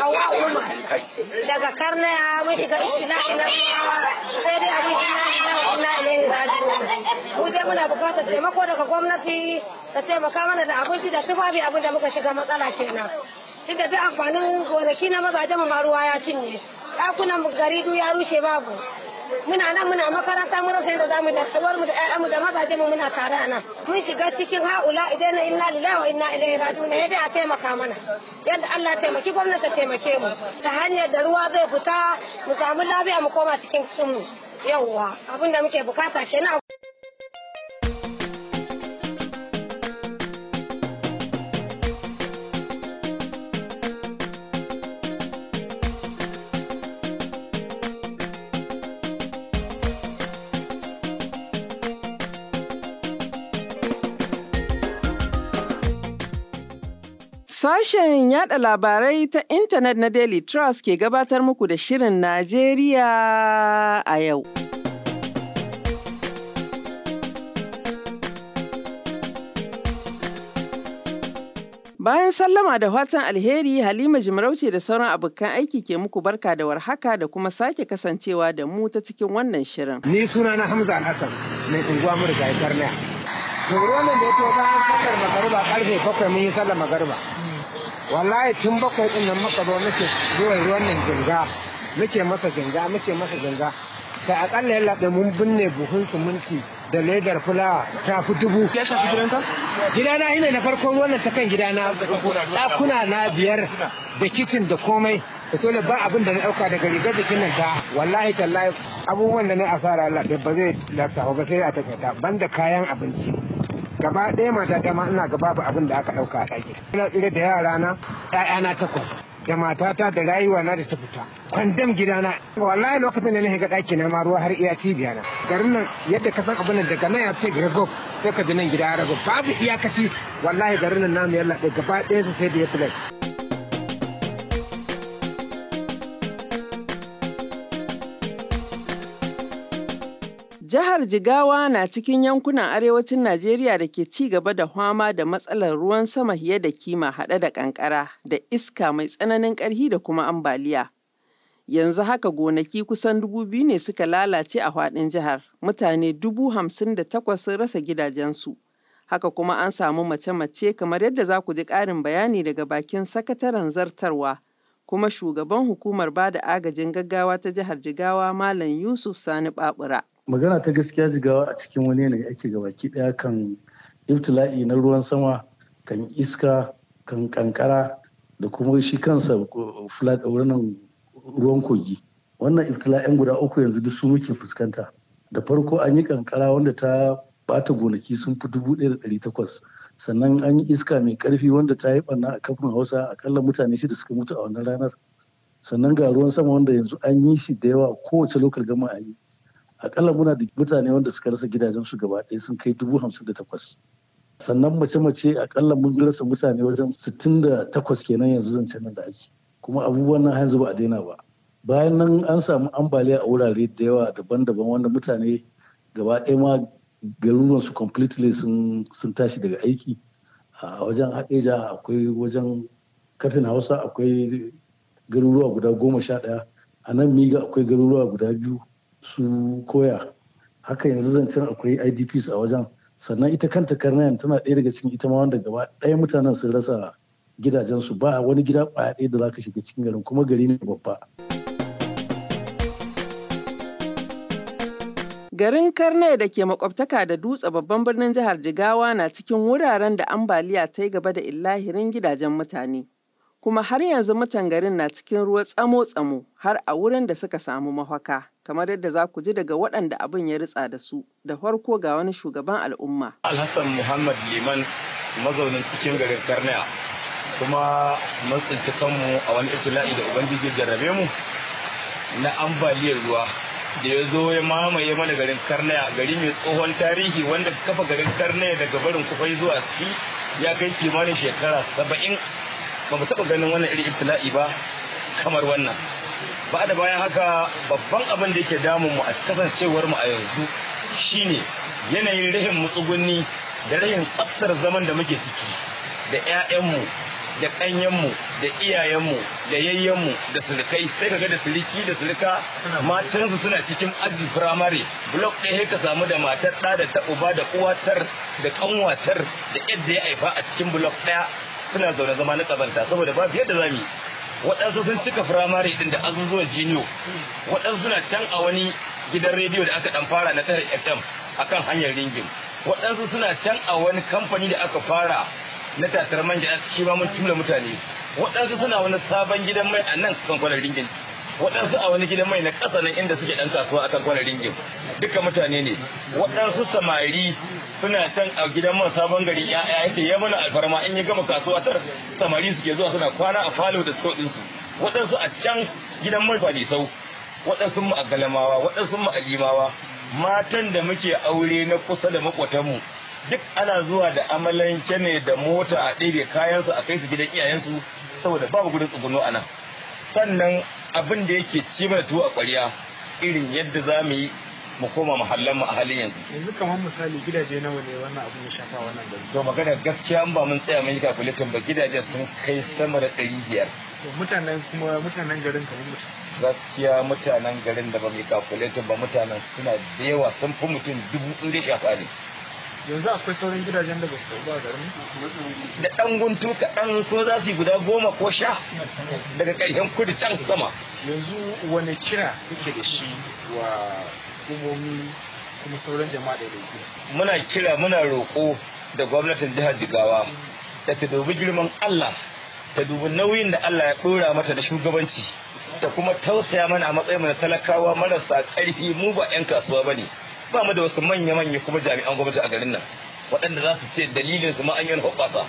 hawa umar daga karna ya mun shiga ina ina sai dai abin ina ina ina ne mu dai muna bukatar taimako daga gwamnati ta taimaka mana da abinci da tufafi abin da muka shiga matsala kenan tunda duk amfanin gonaki na mazajen mamaruwa ma ruwa ya cinye ɗakunan gari duk ya rushe babu muna nan muna makaranta mun rasa da zamu da kawar mu da ƴaƴanmu da mazaje mu muna tare a nan mun shiga cikin haula idan inna lillahi wa inna ilaihi raji'un yadda a taimaka mana yadda Allah taimaki gwamnati ta taimake mu ta hanyar da ruwa zai fita mu samu lafiya mu koma cikin mu yawwa abinda muke bukata kenan Sashen yada labarai ta intanet na Daily Trust ke gabatar muku da Shirin Najeriya a yau. Bayan sallama da watan alheri Halima Jimarauce da sauran abokan aiki ke muku barka da warhaka da kuma sake kasancewa da mu ta cikin wannan shirin. Ni suna na Hamza Hassan mai unguwa murga ya ruwan da ya to bayan sallar magariba karfe bakwai mun yi sallar magariba wallahi tun bakwai din nan muka zo muke zuwa ruwan nan jinga muke masa jinga muke masa jinga sai akalla ya da mun binne buhun suminti da ledar fulawa ta fi dubu. Ya shafi gidanka? Gidana ina na farkon wannan ta kan gidana ɗakuna na biyar da kicin da komai. da tole ba abin da na dauka daga rigar jikin nan ta wallahi tallahi abubuwan da na asara Allah ba zai lasa ba sai a takaita banda kayan abinci gaba ɗaya mata ta ma ina gaba ba abin da aka dauka a ɗaki ina tsire da yara na na takwas da matata da rayuwa na da ta fita kwandam na wallahi lokacin da na shiga ɗaki na ma ruwa har iya cibiya na garin nan yadda ka san abin nan daga nan ya ce Gregor sai ka ji nan gida Arab babu iyakaci wallahi garin nan namu yalla gaba ɗaya sai da ya filas Jihar Jigawa na cikin yankunan arewacin Najeriya da ke ci gaba da fama da matsalar ruwan sama fiye da kima haɗe da ƙanƙara da iska mai tsananin ƙarhi da kuma ambaliya. Yanzu haka gonaki kusan dubu biyu ne suka lalace a faɗin jihar, mutane dubu hamsin da takwas sun rasa gidajensu. Haka kuma an samu mace-mace kamar yadda za ku ji ƙarin bayani daga bakin sakataren zartarwa. Kuma shugaban hukumar bada agajin gaggawa ta jihar Jigawa Malam Yusuf Sani Babura. magana ta gaskiya jigawa a cikin wani yanayi ake gabaki daya kan iftila'i na ruwan sama kan iska kan kankara da kuma shi kansa flood wurin ruwan kogi wannan iftila'in guda uku yanzu duk su muke fuskanta da farko an yi kankara wanda ta bata gonaki sun fi dubu ɗaya da ɗari takwas sannan an yi iska mai karfi wanda ta yi ɓanna a kafin hausa akalla mutane shida suka mutu a wannan ranar sannan ga ruwan sama wanda yanzu an yi shi da yawa kowace lokal gama a yi akalla muna da mutane wanda suka rasa gidajensu gaba ɗaya sun kai dubu hamsin da takwas sannan mace-mace akalla mun rasa mutane wajen sittin da takwas kenan yanzu zan nan da ake kuma abubuwan nan yanzu ba a daina ba bayan nan an samu ambaliya a wurare da yawa daban-daban wanda mutane gaba ɗaya ma garuruwan su completely sun tashi daga aiki a wajen haɗeja akwai wajen kafin hausa akwai garuruwa guda goma sha ɗaya a nan miga akwai garuruwa guda biyu su koya haka yanzu zan zancen akwai idps a wajen sannan ita kanta karnayan tana ɗaya daga cikin ita ma wanda gaba ɗaya mutanen sun rasa gidajensu ba wani gida ɓaya ɗaya da za ka shiga cikin garin kuma gari ne babba. Garin Karnai da ke makwabtaka da dutse babban birnin jihar Jigawa na cikin wuraren da ambaliya ta yi gaba da illahirin gidajen mutane. kuma har yanzu mutan garin na cikin ruwa tsamo-tsamo har a wurin da suka samu mafaka kamar yadda za ku ji daga waɗanda abin ya ritsa da su da farko ga wani shugaban al'umma. Alhassan Muhammad Liman mazaunin cikin garin Karnaya kuma matsinci kanmu a wani ibtila'i da Ubangiji jarrabe mu na ambaliyar ruwa da ya zo ya mamaye mana garin Karnaya gari mai tsohon tarihi wanda kafa garin Karnaya daga barin kufai zuwa ciki ya kai kimanin shekara saba'in ba mu taɓa ganin wannan irin ibtila'i ba kamar wannan ba da bayan haka babban abin da yake damun mu a kasancewar mu a yanzu shine yanayin rahin mutsugunni da rahin tsaftar zaman da muke ciki da 'ya'yanmu da ƙanyenmu da iyayenmu da yayyenmu da surukai sai kaga da suliki da surika matansu suna cikin aji firamare blok ɗaya ka samu da matar ɗa da ta uba da uwatar da ƙanwatar da yadda ya haifa a cikin blok ɗaya suna zaune zama na kazanta saboda babu da za zami waɗansu sun cika firamare ɗin da azuzuwan jiniyo waɗansu suna can a wani gidan rediyo da aka ɗan fara na tare fm kan hanyar ringin waɗansu suna can a wani kamfani da aka fara na tatar manja shi ma mun tumla mutane waɗansu suna wani sabon gidan mai a nan kan ringin waɗansu a wani gidan mai na ƙasa nan inda suke ɗan kasuwa akan kwana ringin duka mutane ne waɗansu samari suna can a gidan man sabon gari ya'ya yake ya mana alfarma in ya gama kasuwa tar samari suke zuwa suna kwana a falo da suko ɗinsu waɗansu a can gidan man fadisau waɗansu mu a galamawa waɗansu mu a limawa matan da muke aure na kusa da makwatanmu duk ana zuwa da amalanke ne da mota a ɗebe kayansu a kai su gidan iyayensu saboda babu gudun tsuguno a nan sannan abin da yake ci mana tuwo a ƙwariya irin yadda za mu yi mu koma mahallan mu a halin yanzu yanzu kamar misali gidaje nawa ne wannan abin ya shafa wannan gari to magana gaskiya an ba mun tsaya mun yi calculation ba gidajen sun kai sama da ɗari biyar to mutanen kuma mutanen garin kamar mutum gaskiya mutanen garin da ba mu yi calculation ba mutanen suna da yawa sun fi mutum dubu ɗin da shafa ne yanzu akwai sauran gidajen da ba su a garin da ɗan guntu kaɗan ko za su yi guda goma ko sha daga ƙarshen kudu can sama yanzu wani kira yake da shi wa hukumomi kuma sauran jama'a da roƙo muna kira muna roƙo da gwamnatin jihar jigawa da ta dubi girman allah ta dubi nauyin da allah ya ɗora mata da shugabanci da kuma tausaya mana a matsayin mu na talakawa marasa ƙarfi mu ba 'yan kasuwa ba ne ba mu da wasu manya-manya kuma jami'an gwamnati a garin nan waɗanda za su ce dalilin su ma an yi wani hoɓɓasa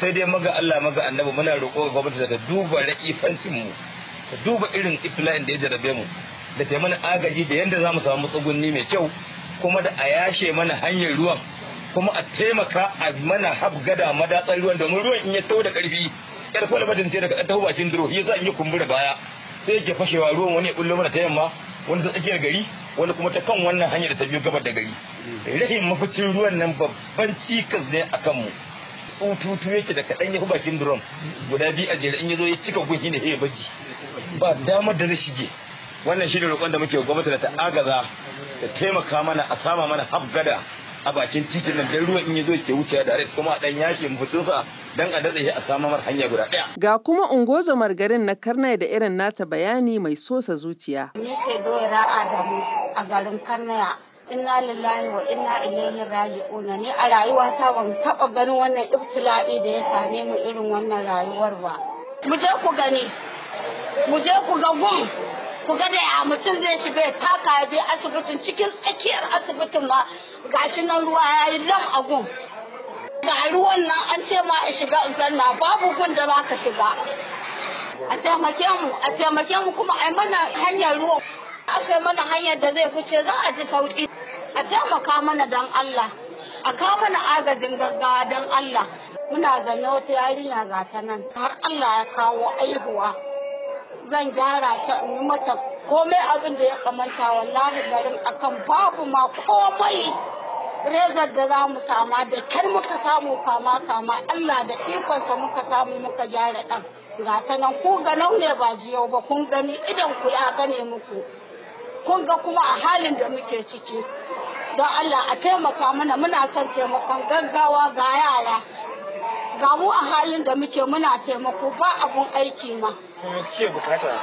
sai dai maga Allah maga annabi muna roƙo ga gwamnati ta duba ra'ifancin mu ta duba irin ifla'in da ya jarabe mu da ta mana agaji da yadda za mu samu tsugunni mai kyau kuma da a yashe mana hanyar ruwan kuma a taimaka a mana habgada madatsar ruwan domin ruwan in ya tau da ƙarfi yar kwalba ce daga ta bakin duro yasa in yi kumbura baya sai ke fashewa ruwan wani ya bullo mana ta yamma wani ta tsakiyar gari wani kuma ta kan wannan hanyar da ta biyu gabar da gari rahin maficin ruwan nan babban cikas ne a kanmu tsututu yake da kaɗan ya bakin drum guda biyu a jere in ya zo ya cika gunhi ne ya baji ba damar da na shige wannan shi ne roƙon da muke gwamnati da ta agaza da taimaka mana a sama mana hafgada a bakin titin nan dan ruwan in ya ke wuce da kuma a dan yake mutunsa dan a datse a samu mar hanya guda daya ga kuma ungozomar garin na karnai da irin nata bayani mai sosa zuciya ni ke dora adamu a garin karnaya inna lillahi wa inna ilaihi raji'un ni a rayuwa ta ban taba ganin wannan ibtila'i da ya same mu irin wannan rayuwar ba mu je ku gani mu je ku ga gun ku ga da ya mutum zai shiga ya taka ya je asibitin cikin tsakiyar asibitin ma gashi nan ruwa ya yi lam a gun ga ruwan nan an ce ma a shiga zanna babu gun da za ka shiga a taimake mu a taimake mu kuma a mana hanyar ruwa aka mana hanyar da zai fice za a ji sauki a taimaka mana don Allah a kawo mana agajin gaggawa don Allah muna zaune wata yarinya ga ta nan har Allah ya kawo aihuwa zan gyara ta in yi mata komai abin da ya kamanta wallahi garin akan babu ma komai rezar da za mu sama da kar muka samu kama kama Allah da ikonsa muka samu muka gyara ɗan ga ta nan ku ganau ne ba jiyau ba kun gani idan ku ya gane muku kun ga kuma a halin da muke ciki don Allah a taimaka mana muna son taimakon gaggawa ga yara ga mu a halin da muke muna taimako ba abun aiki ma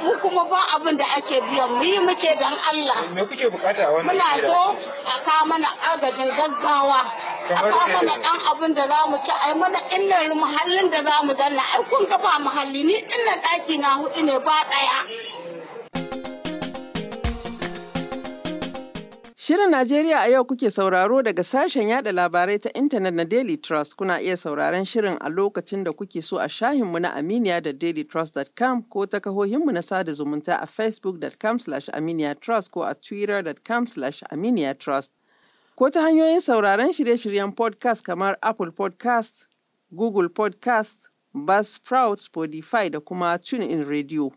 mu kuma ba abun da ake biyan mu yi muke don Allah me kuke wannan muna so a ka mana agajin gaggawa a ka mana dan abun da za mu ci ai mana innan muhallin da za mu danna ai kun ga ba muhalli ni dinnan daki na hudu ne ba daya Shirin Najeriya a yau kuke sauraro daga sashen yada labarai ta intanet na Daily Trust kuna iya sauraron shirin a lokacin da kuke so a shahinmu na Aminiya da dailytrust.com ko ta kahohinmu na sada zumunta a facebookcom aminiyatrust ko a twittercom aminiyatrust ko ta hanyoyin sauraron shirye-shiryen podcast kamar Apple podcast, Google podcast, Buzzsprout, Spotify da kuma TuneIn Radio.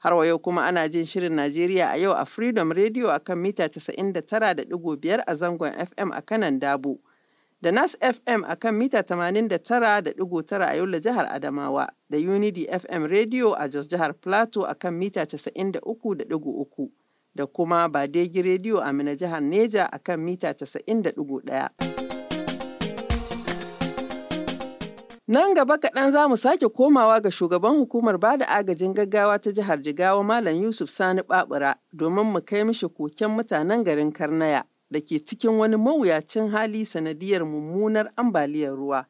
Har wa kuma ana jin shirin Najeriya a yau a Freedom Radio a kan mita 99.5 a zangon FM a kanan Dabo. Da Nas FM a kan mita 89.9 a yau da jihar Adamawa, da Unity FM Radio a Jos jihar Plateau a kan mita 93.3, da kuma Badegi Radio a Mina jihar Neja a kan mita 91. Nan gaba kaɗan za mu sake komawa ga shugaban hukumar ba da agajin gaggawa ta jihar Jigawa Malam Yusuf Sani Babura domin mu kai mishi koken mutanen garin Karnaya da ke cikin wani mawuyacin hali sanadiyar mummunar ambaliyar ruwa.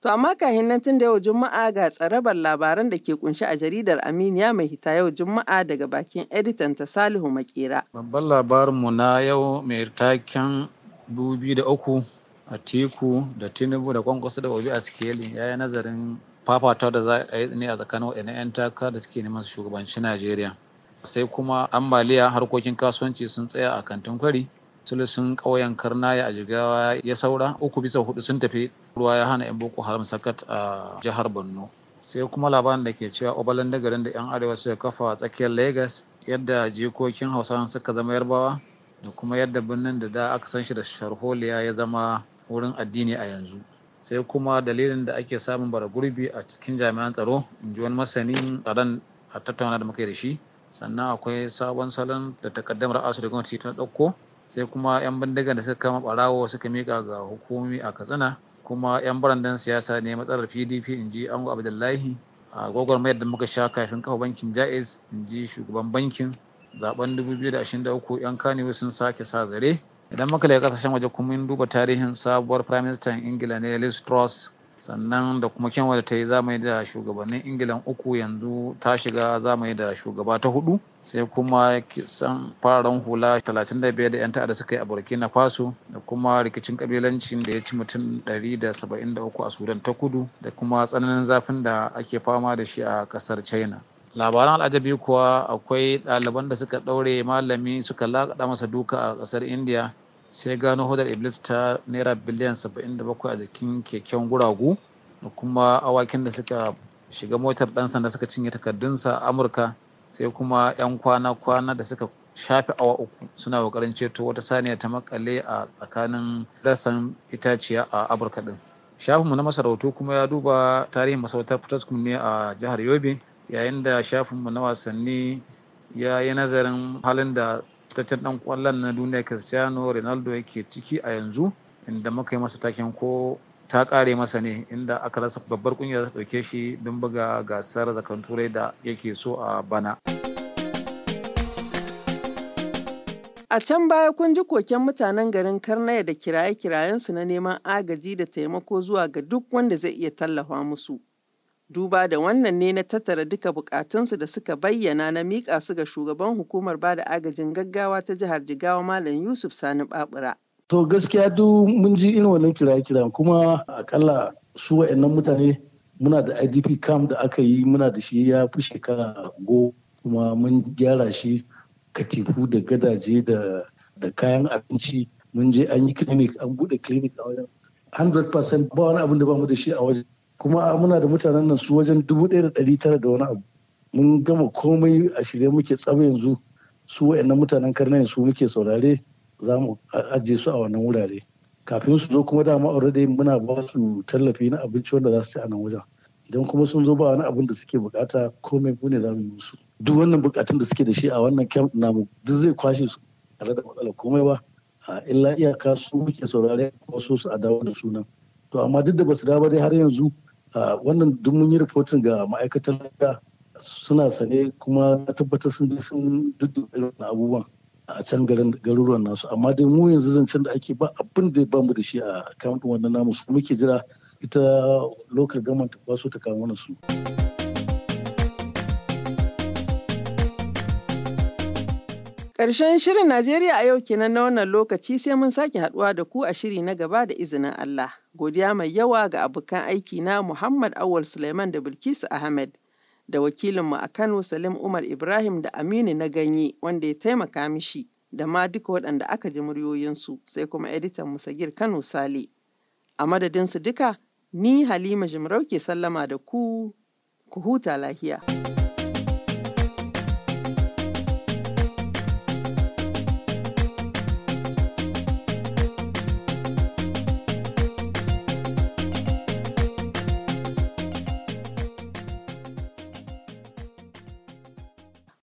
To amma kahin nan tun da yau Juma'a ga tsarabar labaran da ke kunshi a jaridar Aminiya mai hita yau Juma'a daga bakin editan ta Salihu Makera. Babban labarinmu na yau mai taken 2003 Atiku da Tinubu da Kwankwaso da Obi a Sikeli ya yi nazarin fafata da za a yi ne a tsakanin waɗannan 'yan taka da suke neman su shugabanci Najeriya. Sai kuma ambaliya harkokin kasuwanci sun tsaya a kantin kwari. Sulisun ƙauyen Karnaya a Jigawa ya saura uku bisa hudu sun tafi ruwa ya hana 'yan Boko Haram sakat a jihar Borno. Sai kuma labarin da ke cewa Obalan da da 'yan Arewa suka kafa a tsakiyar Legas. yadda jikokin Hausawa suka zama Yarbawa da kuma yadda birnin da da aka san shi da Sharholiya ya zama wurin addini a yanzu sai kuma dalilin da ake samun bara gurbi a cikin jami'an tsaro in ji wani masanin tsaron a tattauna da muka da shi sannan akwai sabon salon da takaddamar asu da gwamnati ta ɗauko sai kuma 'yan bindiga da suka kama ɓarawo suka mika ga hukumomi a katsina kuma 'yan barandan siyasa ne matsalar pdp in ji ango abdullahi a gwagwarmayar da muka sha kafin kafa bankin jaiz in ji shugaban bankin zaben 2023 'yan kanewa sun sake sa zare idan muka leka kasashen waje kuma in duba tarihin sabuwar prime minister ingila ne liz truss sannan da kuma kyanwa da ta yi zamani da shugabannin ingilan uku yanzu ta shiga zamani da shugaba ta hudu sai kuma kisan fararen hula 35 da 'yan ta'adda suka yi a burkina faso da kuma rikicin kabilancin da ya ci mutum 173 a sudan ta kudu da kuma tsananin zafin da ake fama da shi a kasar china labaran al'ajabi kuwa akwai ɗaliban da suka ɗaure malami suka lakaɗa masa duka a ƙasar indiya sai gano hodar iblis ta naira biliyan 77 a jikin keken guragu da kuma awakin da suka shiga motar ɗan sanda suka cinye takardunsa a amurka sai kuma 'yan kwana-kwana da suka shafe awa uku suna ƙoƙarin ceto wata saniya ta makale a tsakanin rassan itaciya a amurka din shafinmu na masarautu kuma ya duba tarihin masarautar fitaskum ne a jihar yobe yayin da shafinmu na wasanni ya yi nazarin halin da fitaccen dan kwallon na duniya cristiano ronaldo yake ciki a yanzu inda muka yi masa taken ko ta kare masa ne inda aka rasa babbar kungiyar da dauke shi don buga gasar zakarun turai da yake so a bana a can baya kun ji koken mutanen garin karnaya da kiraye-kirayensu na neman agaji da taimako zuwa ga duk wanda zai iya tallafa musu Duba da wannan ne na tattara duka bukatunsu da suka bayyana na miƙa su ga shugaban hukumar bada agajin gaggawa ta jihar Jigawa Malam Yusuf Sani Babura. To gaskiya duk mun ji irin wannan kira-kiran kuma akalla su wa'annan mutane muna da IDP camp da aka yi muna da shi ya fi shekara go kuma mun gyara shi katifu da gadaje da kayan abinci mun je an yi clinic an bude clinic a wajen 100% ba wani abin da ba mu da shi a wajen kuma muna da mutanen nan su wajen dubu ɗaya da ɗari tara da wani abu mun gama komai a shirye muke tsaba yanzu su waɗannan mutanen karnayin su muke saurare za mu ajiye su a wannan wurare kafin su zo kuma dama already muna ba su tallafi na abinci wanda za su ci a nan wajen idan kuma sun zo ba wani abin da suke bukata komai mu ne za mu yi musu duk wannan bukatun da suke da shi a wannan camp namu duk zai kwashe su tare da matsalar komai ba a illa iyaka su muke saurare ko su a dawo da sunan to amma duk da basu dawo dai har yanzu Ah, wannan duk mun yi rahoton ga ma'aikatar lafiya suna sane kuma na tabbatar sun je sun irin abubuwan a can garuruwan nasu amma dai mu yanzu zancen da ake ba abin da ba mu da shi a kan wannan namu su muke jira ita lokal government ba su ta kawo su. Ƙarshen shirin Najeriya a yau kenan na wannan lokaci sai mun sake haduwa da ku a shiri na gaba da izinin Allah. Godiya mai yawa ga abokan aiki na Muhammad Awal Suleiman da Bilkisu Ahmed da wakilinmu a Kano Salim Umar Ibrahim da Aminu na ganye wanda ya taimaka mishi da ma duka waɗanda aka ji muryoyinsu sai kuma editan Musagir Kano Sale. A madadinsu duka, ni Halima Jimarau ke sallama da ku, ku huta lahiya.